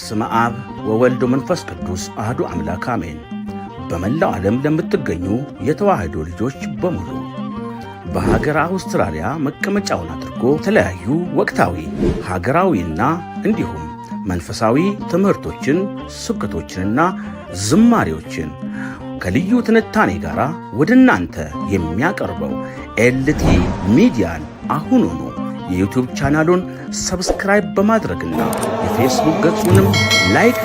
በስመ አብ ወወልድ መንፈስ ቅዱስ አህዱ አምላክ አሜን። በመላው ዓለም ለምትገኙ የተዋህዶ ልጆች በሙሉ በሀገር አውስትራሊያ መቀመጫውን አድርጎ የተለያዩ ወቅታዊ ሀገራዊና እንዲሁም መንፈሳዊ ትምህርቶችን ስብከቶችንና ዝማሬዎችን ከልዩ ትንታኔ ጋር ወደ እናንተ የሚያቀርበው ኤልቲ ሚዲያን አሁኑኑ የዩቲዩብ ቻናሉን ሰብስክራይብ በማድረግና የፌስቡክ ገጹንም ላይክ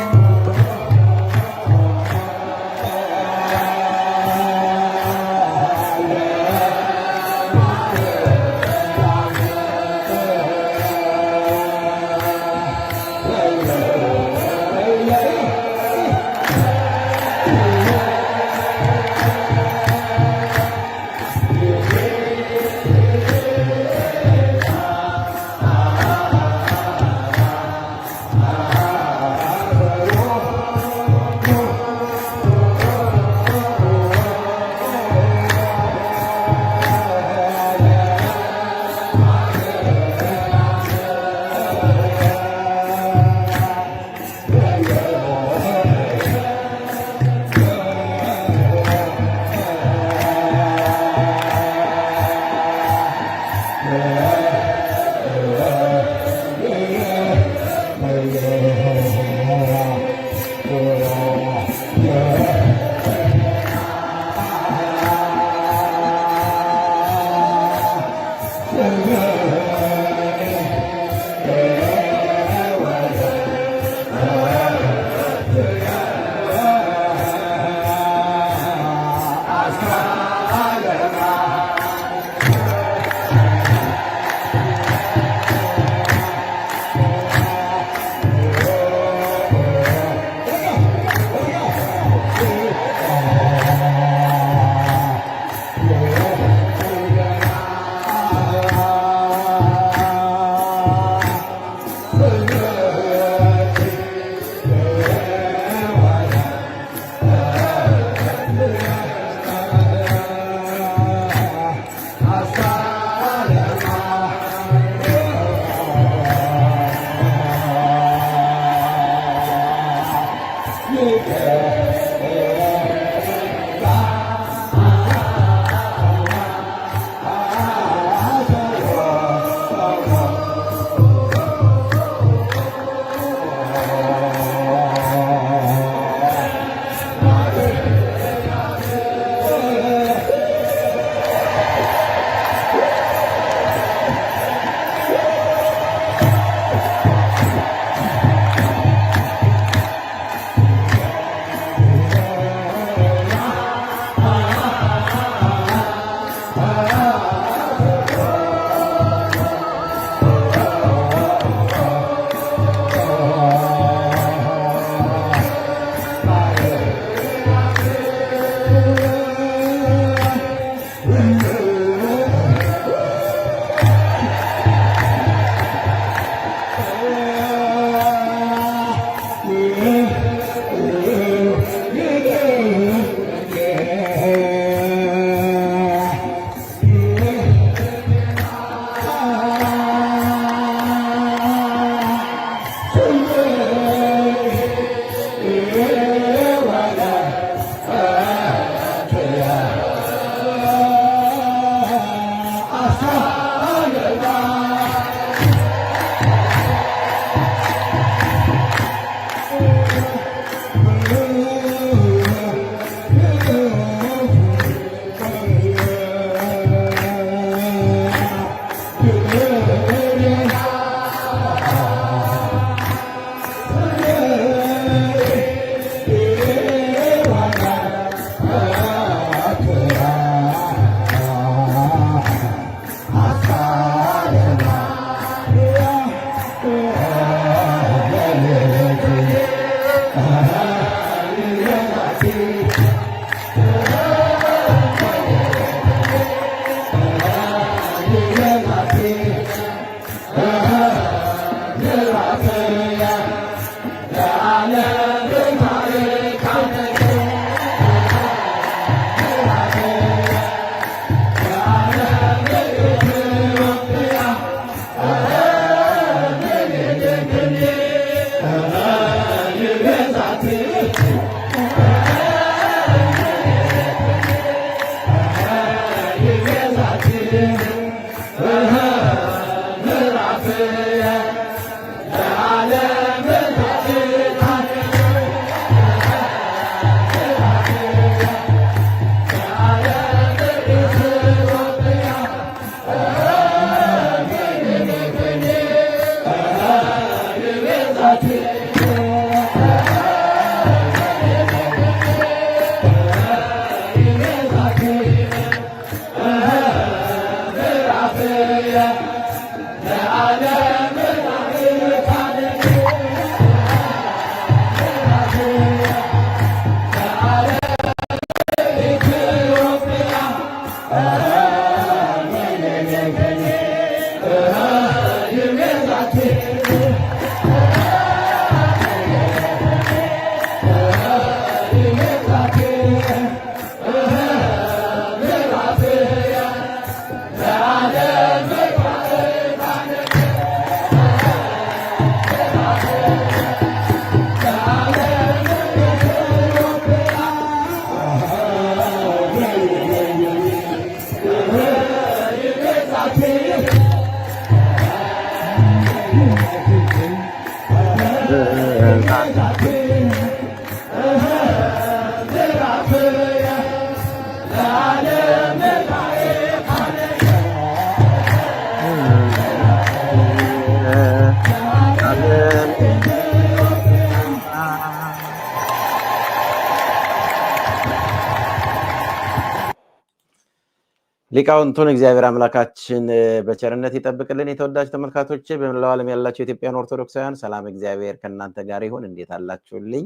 ሊቃውንቱን እግዚአብሔር አምላካችን በቸርነት ይጠብቅልን። የተወዳጅ ተመልካቶች በመላው ዓለም ያላቸው የኢትዮጵያን ኦርቶዶክሳውያን ሰላም እግዚአብሔር ከእናንተ ጋር ይሁን። እንዴት አላችሁልኝ?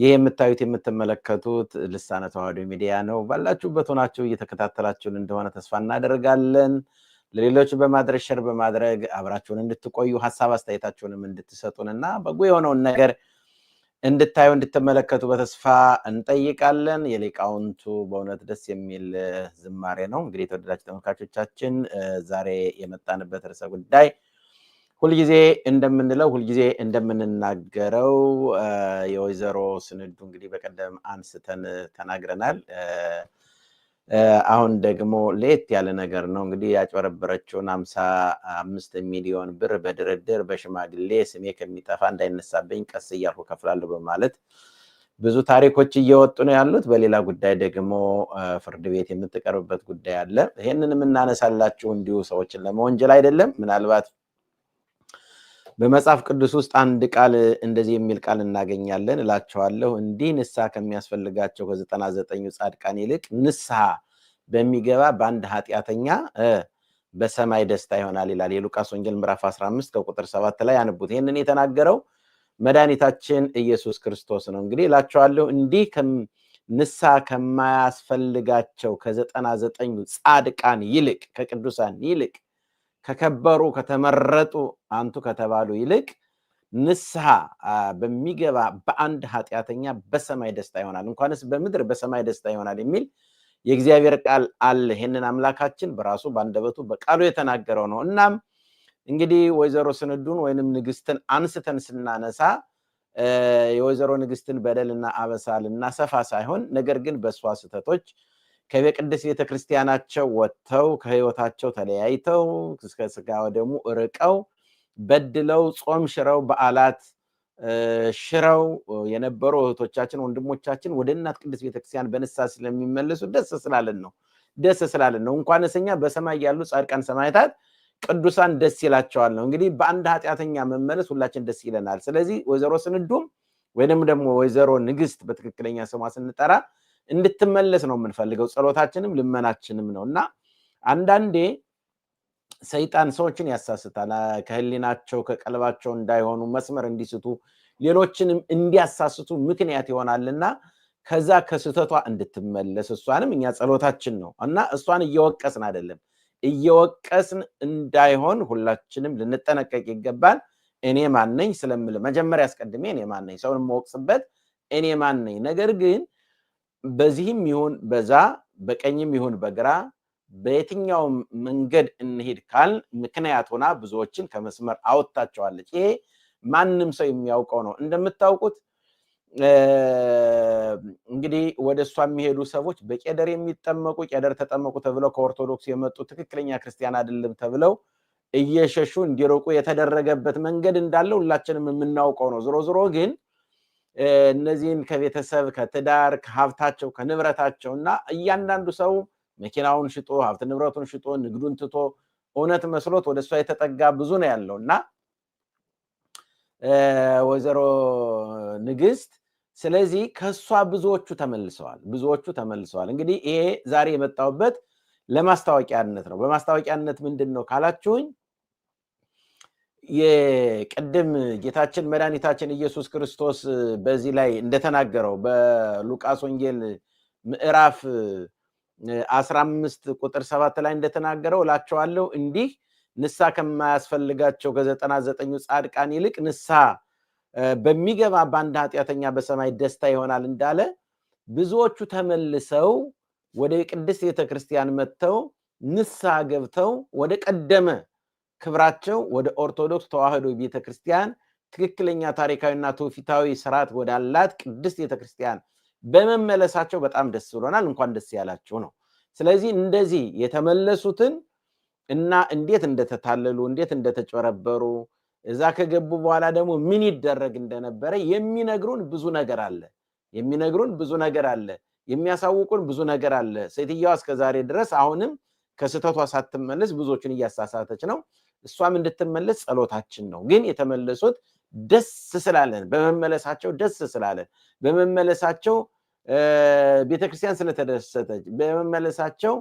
ይህ የምታዩት የምትመለከቱት ልሳነ ተዋህዶ ሚዲያ ነው። ባላችሁበት ሆናችሁ እየተከታተላችሁን እንደሆነ ተስፋ እናደርጋለን። ለሌሎች በማድረግ ሸር በማድረግ አብራችሁን እንድትቆዩ ሀሳብ አስተያየታችሁንም እንድትሰጡን እና በጎ የሆነውን ነገር እንድታዩ እንድትመለከቱ በተስፋ እንጠይቃለን። የሊቃውንቱ በእውነት ደስ የሚል ዝማሬ ነው። እንግዲህ የተወደዳችሁ ተመልካቾቻችን ዛሬ የመጣንበት ርዕሰ ጉዳይ ሁልጊዜ እንደምንለው ሁልጊዜ እንደምንናገረው የወይዘሮ ስንዱ እንግዲህ በቀደም አንስተን ተናግረናል። አሁን ደግሞ ለየት ያለ ነገር ነው እንግዲህ ያጭበረበረችውን አምሳ አምስት ሚሊዮን ብር በድርድር በሽማግሌ ስሜ ከሚጠፋ እንዳይነሳብኝ ቀስ እያልኩ ከፍላለሁ በማለት ብዙ ታሪኮች እየወጡ ነው ያሉት። በሌላ ጉዳይ ደግሞ ፍርድ ቤት የምትቀርብበት ጉዳይ አለ። ይህንን የምናነሳላችሁ እንዲሁ ሰዎችን ለመወንጀል አይደለም። ምናልባት በመጽሐፍ ቅዱስ ውስጥ አንድ ቃል እንደዚህ የሚል ቃል እናገኛለን። እላቸዋለሁ እንዲህ ንስሐ ከሚያስፈልጋቸው ከዘጠና ዘጠኙ ጻድቃን ይልቅ ንስሐ በሚገባ በአንድ ኃጢአተኛ በሰማይ ደስታ ይሆናል ይላል የሉቃስ ወንጌል ምዕራፍ 15 ከቁጥር 7 ላይ አንቡት ይህንን የተናገረው መድኃኒታችን ኢየሱስ ክርስቶስ ነው። እንግዲህ እላቸዋለሁ እንዲህ ንስሐ ከማያስፈልጋቸው ከዘጠና ዘጠኙ ጻድቃን ይልቅ ከቅዱሳን ይልቅ ከከበሩ ከተመረጡ አንቱ ከተባሉ ይልቅ ንስሐ በሚገባ በአንድ ኃጢአተኛ በሰማይ ደስታ ይሆናል፣ እንኳንስ በምድር በሰማይ ደስታ ይሆናል የሚል የእግዚአብሔር ቃል አለ። ይህንን አምላካችን በራሱ በአንደበቱ በቃሉ የተናገረው ነው። እናም እንግዲህ ወይዘሮ ስንዱን ወይንም ንግስትን አንስተን ስናነሳ የወይዘሮ ንግስትን በደልና አበሳ ልናሰፋ ሳይሆን ነገር ግን በእሷ ስህተቶች ከቤቅድስ ቤተክርስቲያናቸው ወጥተው ከህይወታቸው ተለያይተው እስከ ስጋ ወደሙ ርቀው በድለው ጾም ሽረው በዓላት ሽረው የነበሩ እህቶቻችን ወንድሞቻችን ወደ እናት ቅድስት ቤተክርስቲያን በንሳ ስለሚመለሱ ደስ ስላለን ነው። ደስ ስላለን ነው። እንኳንስ እኛ በሰማይ ያሉ ጻድቃን ሰማዕታት፣ ቅዱሳን ደስ ይላቸዋል ነው። እንግዲህ በአንድ ኃጢአተኛ መመለስ ሁላችን ደስ ይለናል። ስለዚህ ወይዘሮ ስንዱም ወይንም ደግሞ ወይዘሮ ንግስት በትክክለኛ ስሟ ስንጠራ እንድትመለስ ነው የምንፈልገው። ጸሎታችንም ልመናችንም ነው እና አንዳንዴ ሰይጣን ሰዎችን ያሳስታል። ከህሊናቸው ከቀልባቸው እንዳይሆኑ መስመር እንዲስቱ ሌሎችንም እንዲያሳስቱ ምክንያት ይሆናልና ከዛ ከስህተቷ እንድትመለስ እሷንም እኛ ጸሎታችን ነው እና እሷን እየወቀስን አይደለም እየወቀስን እንዳይሆን ሁላችንም ልንጠነቀቅ ይገባል። እኔ ማነኝ ስለምል መጀመሪያ አስቀድሜ እኔ ማነኝ ሰውን የምወቅስበት እኔ ማነኝ ነገር ግን በዚህም ይሁን በዛ በቀኝም ይሁን በግራ በየትኛው መንገድ እንሄድ ካል ምክንያት ሆና ብዙዎችን ከመስመር አወጥታቸዋለች። ይሄ ማንም ሰው የሚያውቀው ነው። እንደምታውቁት እንግዲህ ወደ እሷ የሚሄዱ ሰዎች በቄደር የሚጠመቁ ቄደር ተጠመቁ ተብለው ከኦርቶዶክስ የመጡ ትክክለኛ ክርስቲያን አይደለም ተብለው እየሸሹ እንዲርቁ የተደረገበት መንገድ እንዳለ ሁላችንም የምናውቀው ነው። ዞሮ ዞሮ ግን እነዚህም ከቤተሰብ ከትዳር ከሀብታቸው ከንብረታቸው እና እያንዳንዱ ሰው መኪናውን ሽጦ ሀብት ንብረቱን ሽጦ ንግዱን ትቶ እውነት መስሎት ወደ እሷ የተጠጋ ብዙ ነው ያለው እና ወይዘሮ ንግስት ስለዚህ ከእሷ ብዙዎቹ ተመልሰዋል። ብዙዎቹ ተመልሰዋል። እንግዲህ ይሄ ዛሬ የመጣውበት ለማስታወቂያነት ነው። በማስታወቂያነት ምንድን ነው ካላችሁኝ የቅድም ጌታችን መድኃኒታችን ኢየሱስ ክርስቶስ በዚህ ላይ እንደተናገረው በሉቃስ ወንጌል ምዕራፍ 15 ቁጥር ሰባት ላይ እንደተናገረው እላቸዋለሁ እንዲህ ንሳ ከማያስፈልጋቸው ከዘጠና ዘጠኙ ጻድቃን ይልቅ ንሳ በሚገባ በአንድ ኃጢአተኛ በሰማይ ደስታ ይሆናል እንዳለ ብዙዎቹ ተመልሰው ወደ ቅድስት ቤተክርስቲያን መጥተው ንሳ ገብተው ወደ ቀደመ ክብራቸው ወደ ኦርቶዶክስ ተዋህዶ ቤተ ክርስቲያን ትክክለኛ ታሪካዊና ትውፊታዊ ስርዓት ወዳላት ቅድስት ቤተ ክርስቲያን በመመለሳቸው በጣም ደስ ብሎናል። እንኳን ደስ ያላችሁ ነው። ስለዚህ እንደዚህ የተመለሱትን እና እንዴት እንደተታለሉ እንዴት እንደተጨረበሩ እዛ ከገቡ በኋላ ደግሞ ምን ይደረግ እንደነበረ የሚነግሩን ብዙ ነገር አለ። የሚነግሩን ብዙ ነገር አለ። የሚያሳውቁን ብዙ ነገር አለ። ሴትየዋ እስከዛሬ ድረስ አሁንም ከስህተቷ ሳትመለስ ብዙዎቹን እያሳሳተች ነው። እሷም እንድትመለስ ጸሎታችን ነው። ግን የተመለሱት ደስ ስላለን በመመለሳቸው ደስ ስላለን በመመለሳቸው ቤተክርስቲያን ስለተደሰተች በመመለሳቸው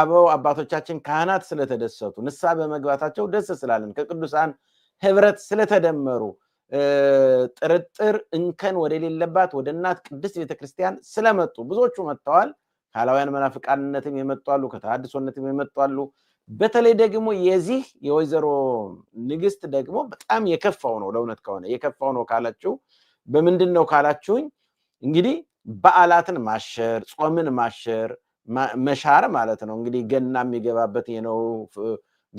አበው አባቶቻችን ካህናት ስለተደሰቱ ንሳ በመግባታቸው ደስ ስላለን ከቅዱሳን ህብረት ስለተደመሩ ጥርጥር እንከን ወደሌለባት ወደ እናት ቅድስት ቤተክርስቲያን ስለመጡ ብዙዎቹ መጥተዋል። ካላውያን መናፍቃንነትም የመጡ አሉ። ከተሐድሶነትም የመጡ አሉ። በተለይ ደግሞ የዚህ የወይዘሮ ንግስት ደግሞ በጣም የከፋው ነው። ለእውነት ከሆነ የከፋው ነው ካላችሁ በምንድን ነው ካላችሁኝ፣ እንግዲህ በዓላትን ማሸር ጾምን ማሸር መሻር ማለት ነው። እንግዲህ ገና የሚገባበት ይሄ ነው።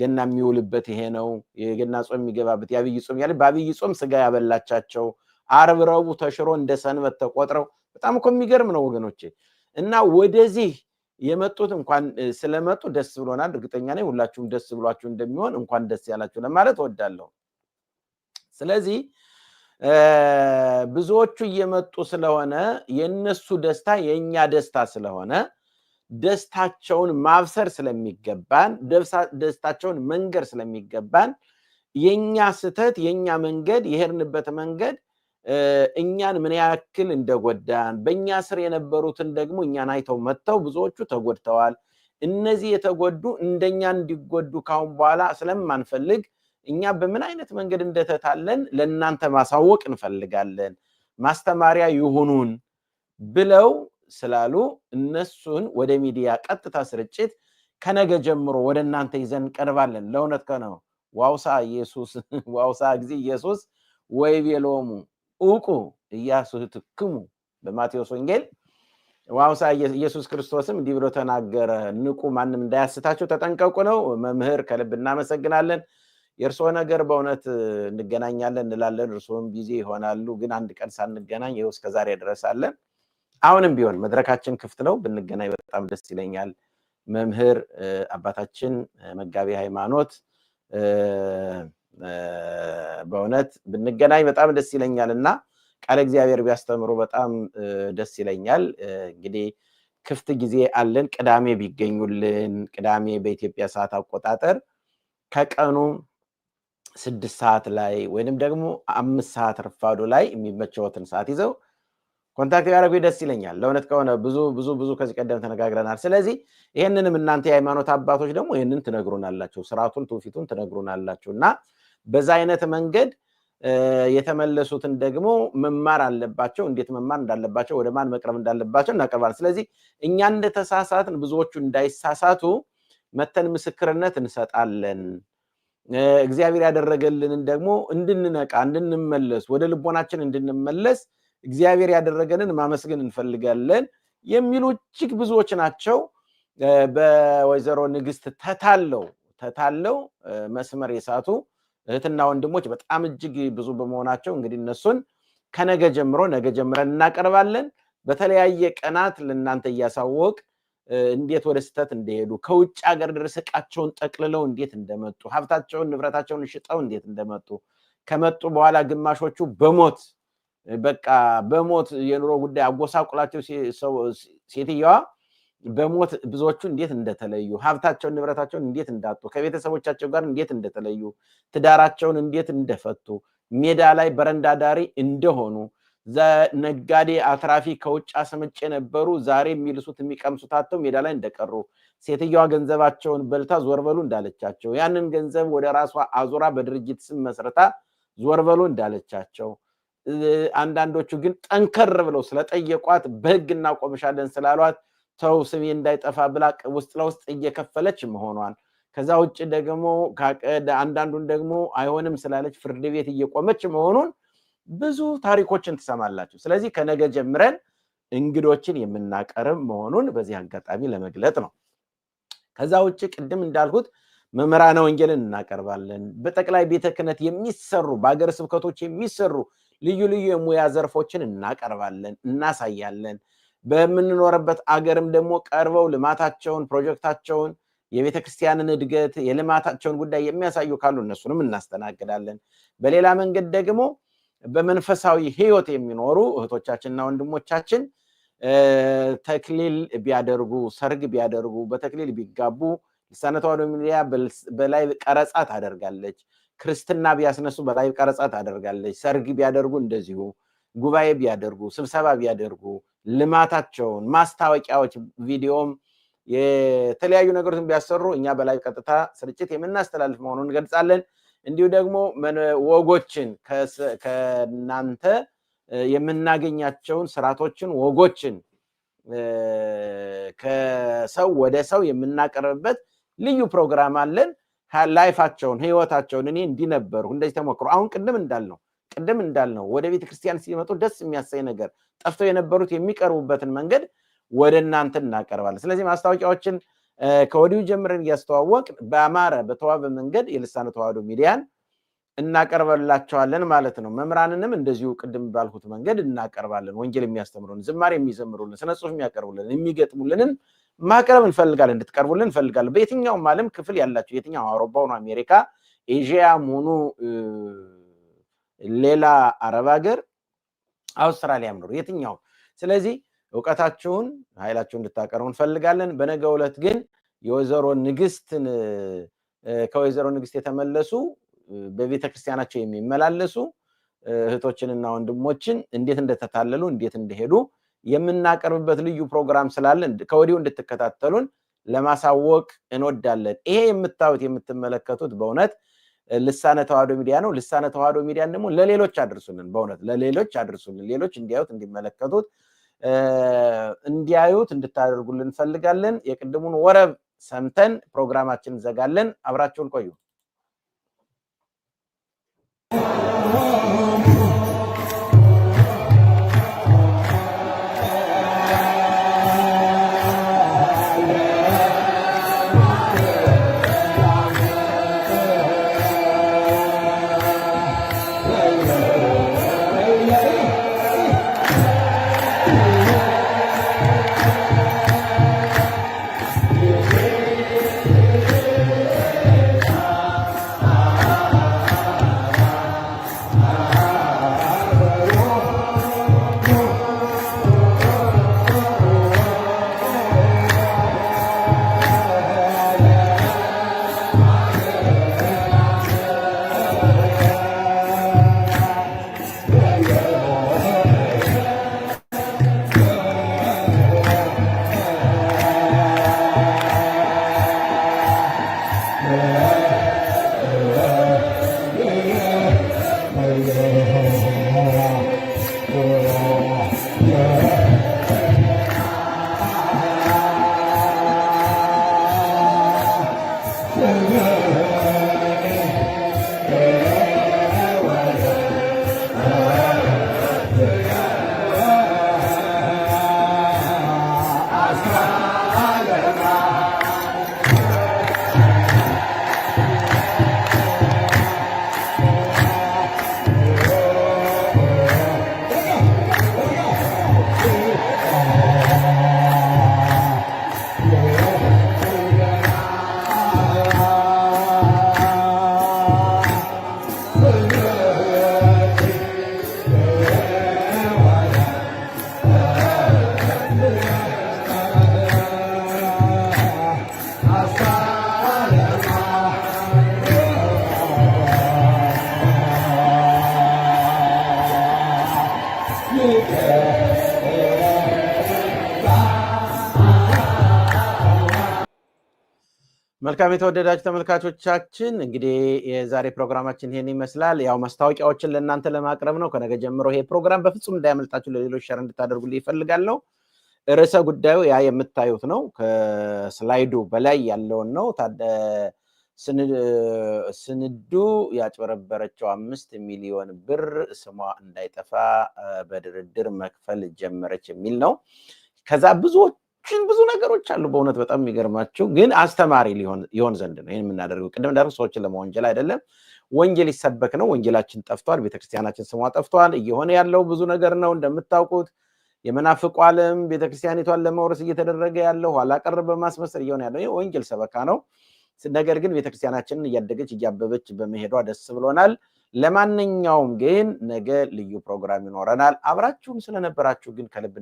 ገና የሚውልበት ይሄ ነው። የገና ጾም የሚገባበት የአብይ ጾም ያለ በአብይ ጾም ስጋ ያበላቻቸው ዓርብ፣ ረቡዕ ተሽሮ እንደ ሰንበት ተቆጥረው በጣም እኮ የሚገርም ነው ወገኖቼ እና ወደዚህ የመጡት እንኳን ስለመጡ ደስ ብሎናል። እርግጠኛ ነኝ ሁላችሁም ደስ ብሏችሁ እንደሚሆን እንኳን ደስ ያላችሁ ለማለት እወዳለሁ። ስለዚህ ብዙዎቹ እየመጡ ስለሆነ የእነሱ ደስታ የእኛ ደስታ ስለሆነ ደስታቸውን ማብሰር ስለሚገባን ደስታቸውን መንገር ስለሚገባን የእኛ ስህተት የእኛ መንገድ የሄድንበት መንገድ እኛን ምን ያክል እንደጎዳን በእኛ ስር የነበሩትን ደግሞ እኛን አይተው መጥተው ብዙዎቹ ተጎድተዋል። እነዚህ የተጎዱ እንደኛ እንዲጎዱ ካሁን በኋላ ስለማንፈልግ እኛ በምን አይነት መንገድ እንደተታለን ለእናንተ ማሳወቅ እንፈልጋለን፣ ማስተማሪያ ይሁኑን ብለው ስላሉ እነሱን ወደ ሚዲያ ቀጥታ ስርጭት ከነገ ጀምሮ ወደ እናንተ ይዘን እንቀርባለን። ለእውነት ከነው ዋውሳ ኢየሱስ ዋውሳ ጊዜ ኢየሱስ ወይ ቤሎሙ እውቁ ኢያሱትክሙ በማቴዎስ ወንጌል ዋውሳ ኢየሱስ ክርስቶስም እንዲህ ብሎ ተናገረ፣ ንቁ፣ ማንም እንዳያስታቸው ተጠንቀቁ ነው። መምህር ከልብ እናመሰግናለን። የእርስዎ ነገር በእውነት እንገናኛለን እንላለን። እርስም ጊዜ ይሆናሉ፣ ግን አንድ ቀን ሳንገናኝ ይው እስከዛሬ ድረስ አለን። አሁንም ቢሆን መድረካችን ክፍት ነው፣ ብንገናኝ በጣም ደስ ይለኛል። መምህር አባታችን መጋቢ ሃይማኖት በእውነት ብንገናኝ በጣም ደስ ይለኛል እና ቃለ እግዚአብሔር ቢያስተምሩ በጣም ደስ ይለኛል። እንግዲህ ክፍት ጊዜ አለን። ቅዳሜ ቢገኙልን ቅዳሜ በኢትዮጵያ ሰዓት አቆጣጠር ከቀኑ ስድስት ሰዓት ላይ ወይንም ደግሞ አምስት ሰዓት ርፋዶ ላይ የሚመቸወትን ሰዓት ይዘው ኮንታክት ያደረጉ ደስ ይለኛል። ለእውነት ከሆነ ብዙ ብዙ ብዙ ከዚህ ቀደም ተነጋግረናል። ስለዚህ ይህንንም እናንተ የሃይማኖት አባቶች ደግሞ ይህንን ትነግሩናላችሁ፣ ስርዓቱን ትውፊቱን ትነግሩናላችሁ እና በዛ አይነት መንገድ የተመለሱትን ደግሞ መማር አለባቸው። እንዴት መማር እንዳለባቸው፣ ወደ ማን መቅረብ እንዳለባቸው እናቀርባለን። ስለዚህ እኛ እንደተሳሳትን ብዙዎቹ እንዳይሳሳቱ መተን ምስክርነት እንሰጣለን። እግዚአብሔር ያደረገልንን ደግሞ እንድንነቃ፣ እንድንመለስ፣ ወደ ልቦናችን እንድንመለስ እግዚአብሔር ያደረገንን ማመስገን እንፈልጋለን የሚሉ እጅግ ብዙዎች ናቸው። በወይዘሮ ንግስት ተታለው ተታለው መስመር የሳቱ እህትና ወንድሞች በጣም እጅግ ብዙ በመሆናቸው እንግዲህ እነሱን ከነገ ጀምሮ ነገ ጀምረን እናቀርባለን። በተለያየ ቀናት ለእናንተ እያሳወቅ እንዴት ወደ ስህተት እንደሄዱ ከውጭ ሀገር ድረስ እቃቸውን ጠቅልለው እንዴት እንደመጡ ሀብታቸውን ንብረታቸውን ሽጠው እንዴት እንደመጡ ከመጡ በኋላ ግማሾቹ በሞት በቃ በሞት የኑሮ ጉዳይ አጎሳቁላቸው ሴትየዋ በሞት ብዙዎቹ እንዴት እንደተለዩ፣ ሀብታቸውን ንብረታቸውን እንዴት እንዳጡ፣ ከቤተሰቦቻቸው ጋር እንዴት እንደተለዩ፣ ትዳራቸውን እንዴት እንደፈቱ፣ ሜዳ ላይ በረንዳ ዳሪ እንደሆኑ፣ ነጋዴ አትራፊ ከውጭ አስመጭ የነበሩ ዛሬ የሚልሱት የሚቀምሱት አጥተው ሜዳ ላይ እንደቀሩ፣ ሴትዮዋ ገንዘባቸውን በልታ ዞርበሉ እንዳለቻቸው፣ ያንን ገንዘብ ወደ ራሷ አዙራ በድርጅት ስም መስረታ ዞርበሉ እንዳለቻቸው አንዳንዶቹ ግን ጠንከር ብለው ስለጠየቋት በህግ እናቆምሻለን ስላሏት ሰው ስሜ እንዳይጠፋ ብላ ውስጥ ለውስጥ እየከፈለች መሆኗን ከዛ ውጭ ደግሞ አንዳንዱን ደግሞ አይሆንም ስላለች ፍርድ ቤት እየቆመች መሆኑን ብዙ ታሪኮችን ትሰማላችሁ። ስለዚህ ከነገ ጀምረን እንግዶችን የምናቀርብ መሆኑን በዚህ አጋጣሚ ለመግለጥ ነው። ከዛ ውጭ ቅድም እንዳልኩት መምህራነ ወንጌልን እናቀርባለን። በጠቅላይ ቤተ ክህነት የሚሰሩ በሀገረ ስብከቶች የሚሰሩ ልዩ ልዩ የሙያ ዘርፎችን እናቀርባለን፣ እናሳያለን። በምንኖርበት አገርም ደግሞ ቀርበው ልማታቸውን፣ ፕሮጀክታቸውን፣ የቤተ ክርስቲያንን እድገት፣ የልማታቸውን ጉዳይ የሚያሳዩ ካሉ እነሱንም እናስተናግዳለን። በሌላ መንገድ ደግሞ በመንፈሳዊ ሕይወት የሚኖሩ እህቶቻችንና ወንድሞቻችን ተክሊል ቢያደርጉ፣ ሰርግ ቢያደርጉ፣ በተክሊል ቢጋቡ ልሳነ ተዋሕዶ ሚዲያ በላይ ቀረጻ ታደርጋለች። ክርስትና ቢያስነሱ በላይ ቀረጻ ታደርጋለች። ሰርግ ቢያደርጉ እንደዚሁ፣ ጉባኤ ቢያደርጉ፣ ስብሰባ ቢያደርጉ ልማታቸውን፣ ማስታወቂያዎች፣ ቪዲዮም የተለያዩ ነገሮችን ቢያሰሩ እኛ በላይ ቀጥታ ስርጭት የምናስተላልፍ መሆኑን እንገልጻለን። እንዲሁ ደግሞ ወጎችን ከእናንተ የምናገኛቸውን ስርዓቶችን፣ ወጎችን ከሰው ወደ ሰው የምናቀርብበት ልዩ ፕሮግራም አለን። ላይፋቸውን ህይወታቸውን እኔ እንዲነበሩ እንደዚህ ተሞክሮ አሁን ቅድም እንዳልነው ቅድም እንዳልነው ወደ ቤተ ክርስቲያን ሲመጡ ደስ የሚያሳይ ነገር ጠፍተው የነበሩት የሚቀርቡበትን መንገድ ወደ እናንተ እናቀርባለን። ስለዚህ ማስታወቂያዎችን ከወዲሁ ጀምረን እያስተዋወቅ በአማረ በተዋበ መንገድ የልሳነ ተዋህዶ ሚዲያን እናቀርበላቸዋለን ማለት ነው። መምህራንንም እንደዚሁ ቅድም ባልሁት መንገድ እናቀርባለን። ወንጌል የሚያስተምሩልን፣ ዝማሬ የሚዘምሩልን፣ ስነ ጽሁፍ የሚያቀርቡልን፣ የሚገጥሙልንን ማቅረብ እንፈልጋለን። እንድትቀርቡልን እንፈልጋለን። በየትኛውም ዓለም ክፍል ያላቸው የትኛው አውሮፓ ሆኖ አሜሪካ ኤዥያ መሆኑ ሌላ አረብ ሀገር አውስትራሊያ ምኖሩ የትኛው ስለዚህ እውቀታችሁን ኃይላችሁን እንድታቀርቡ እንፈልጋለን። በነገው ዕለት ግን የወይዘሮ ንግስትን ከወይዘሮ ንግስት የተመለሱ በቤተክርስቲያናቸው የሚመላለሱ እህቶችንና ወንድሞችን እንዴት እንደተታለሉ እንዴት እንደሄዱ የምናቀርብበት ልዩ ፕሮግራም ስላለን ከወዲሁ እንድትከታተሉን ለማሳወቅ እንወዳለን። ይሄ የምታዩት የምትመለከቱት በእውነት ልሳነ ተዋህዶ ሚዲያ ነው። ልሳነ ተዋህዶ ሚዲያን ደግሞ ለሌሎች አድርሱልን፣ በእውነት ለሌሎች አድርሱልን። ሌሎች እንዲያዩት እንዲመለከቱት እንዲያዩት እንድታደርጉልን እንፈልጋለን። የቅድሙን ወረብ ሰምተን ፕሮግራማችን እንዘጋለን። አብራችሁን ቆዩ። መልካም የተወደዳችሁ ተመልካቾቻችን እንግዲህ የዛሬ ፕሮግራማችን ይሄን ይመስላል። ያው ማስታወቂያዎችን ለእናንተ ለማቅረብ ነው። ከነገ ጀምሮ ይሄ ፕሮግራም በፍጹም እንዳያመልጣችሁ ለሌሎች ሸር እንድታደርጉልኝ ይፈልጋለሁ። ርዕሰ ጉዳዩ ያ የምታዩት ነው። ከስላይዱ በላይ ያለውን ነው። ስንዱ ያጭበረበረችው አምስት ሚሊዮን ብር ስሟ እንዳይጠፋ በድርድር መክፈል ጀመረች የሚል ነው። ከዛ ብዙዎች ብዙ ነገሮች አሉ። በእውነት በጣም የሚገርማቸው ግን አስተማሪ ሊሆን ዘንድ ነው ይህን የምናደርገው። ቅድም እንዳደረግ ሰዎችን ለመወንጀል አይደለም። ወንጌል ይሰበክ ነው። ወንጌላችን ጠፍቷል። ቤተክርስቲያናችን ስሟ ጠፍቷል። እየሆነ ያለው ብዙ ነገር ነው እንደምታውቁት የመናፍቁ አለም ቤተክርስቲያኒቷን ለመውረስ እየተደረገ ያለው ኋላ ቀር በማስመሰል እየሆነ ያለው ወንጌል ሰበካ ነው። ነገር ግን ቤተክርስቲያናችንን እያደገች እያበበች በመሄዷ ደስ ብሎናል። ለማንኛውም ግን ነገ ልዩ ፕሮግራም ይኖረናል። አብራችሁም ስለነበራችሁ ግን ከልብ